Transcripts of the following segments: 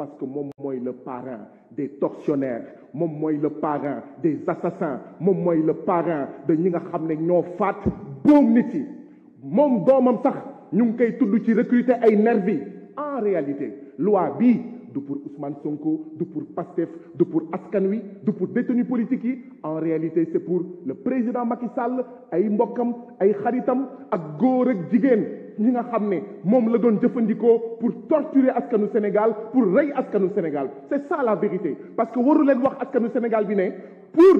parce que moom mooy le parent des tortionnaires moom mooy le parrain des assassins moom mooy le parrain de ñi nga xam ne ñoo faat boom nit yi moom doomam sax ñu ngi koy tudd ci recruter ay nervi en réalité loi bi du pour Ousmane Sonko du pour Pastef du pour askan wi du pour détenus politiques yi en réalité c'est pour le président Macky Sall ay mbokkam ay xaritam ak góor ak jigéen ñi nga xam ne moom la doon jëfandikoo pour torturer askanu Sénégal pour rey askanu Sénégal c'est ça la vérité parce que waru leen wax askanu Sénégal bi ne pour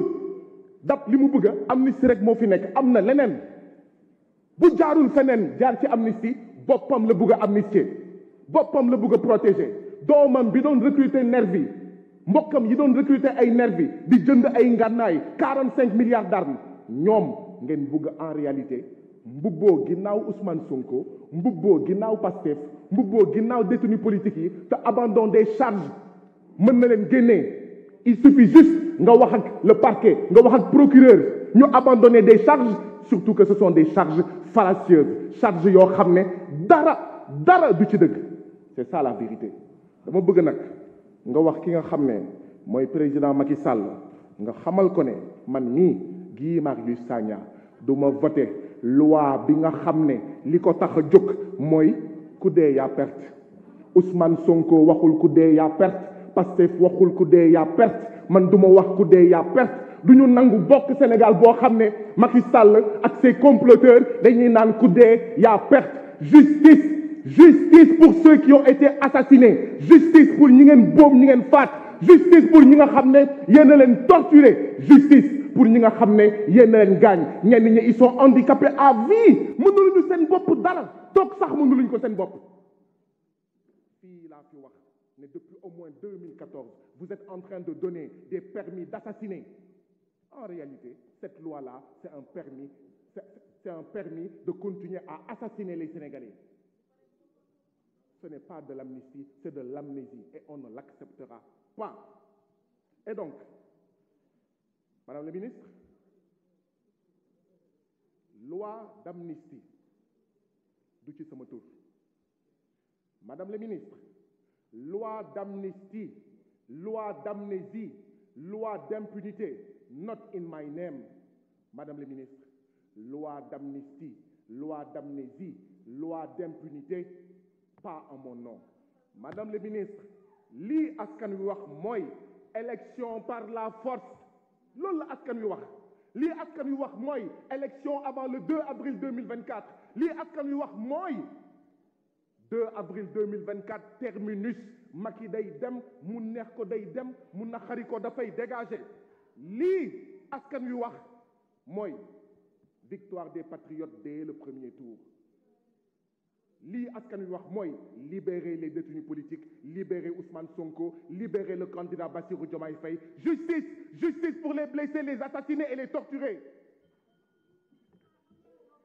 dab li mu bugg a amnistie rek moo fi nekk am na leneen bu jaarul feneen jaar ci amnistie boppam la bugg a boppam la bëgg a protéger doomam bi doon recruter nervi mbokkam yi doon recruter ay nervi di jënd ay ngànnaay quarante cinq milliards d'armes ñoom ngeen bugg en réalité mbubboo ginnaaw Ousmane Sonko mbubboo ginnaaw Pastef mbubboo ginnaaw détenu politique yi te abandon des charges mën na leen génnee il suffit juste nga wax ak le parquet nga wax ak procureur ñu abandonner des charges surtout que sa sont des charges fallacieuses charges yoo xam ne dara dara du ci dëgg c'est ça la vérité dama bëgg nag nga wax ki nga xam ne mooy président Macky Sall nga xamal ko ne man nii Guy Marius Sagna du ma voter loi bi nga xam ne li ko tax a jóg mooy ku dee yaa perte Ousmane Sonko waxul ku dee yaa perte Pastef waxul ku dee yaa perte man du ma wax ku dee yaa perte du ñu nangu bokk Sénégal boo xam ne Macky Sall ak ses comploteurs dañuy naan ku dee yaa perte justice justice pour ceux qui ont été assassinés justice pour ñi ngeen boom ñi ngeen faat justice pour ñi nga xam ne yéen leen torturé justice pour ñi nga xam ne yéen leen gaañ ñenn ñi ils sont handicapés à vie mënuluñu seen bopp dara toog sax mënuluñu ko seen bopp fii laa fi wax mais depuis au moins 2014 vous êtes en train de donner des permis d'assassiner en réalité cette loi-là c'est un permis c'est un permis de continuer à assassiner les Sénégalais ce n'est pas de l'amnistie c'est de l'amnésie et on ne l'acceptera pas et donc Madame la ministre, loi d'amnistie ci sama tur Madame la ministre loi d'amnistie loi d'impunité not in my name Madame la ministre loi d'amnistie loi d'impunité pas en mon nom Madame la ministre lii askan wi wax mooy élection par la force loolu la askan wi wax lii askan wi wax mooy élection avant le 2 avril 2024 lii askan wi wax mooy 2 avril 2024 terminus Macky day dem mu neex ko day dem mu naqari ko dafay dégager li askan wi wax mooy victoire des patriotes dès le premier tour lii askan wi wax mooy libérer les détenus politiques libérer Ousmane Sonko libérer le candidat Bassirou Diomaye Faye justice justice pour les blessés les assassinés et les torturés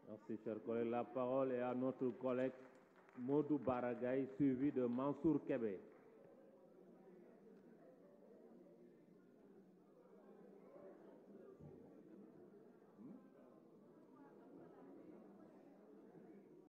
merci cher collègue la parole est à notre collègue Modou Baragaï suivi de Mansour Kébé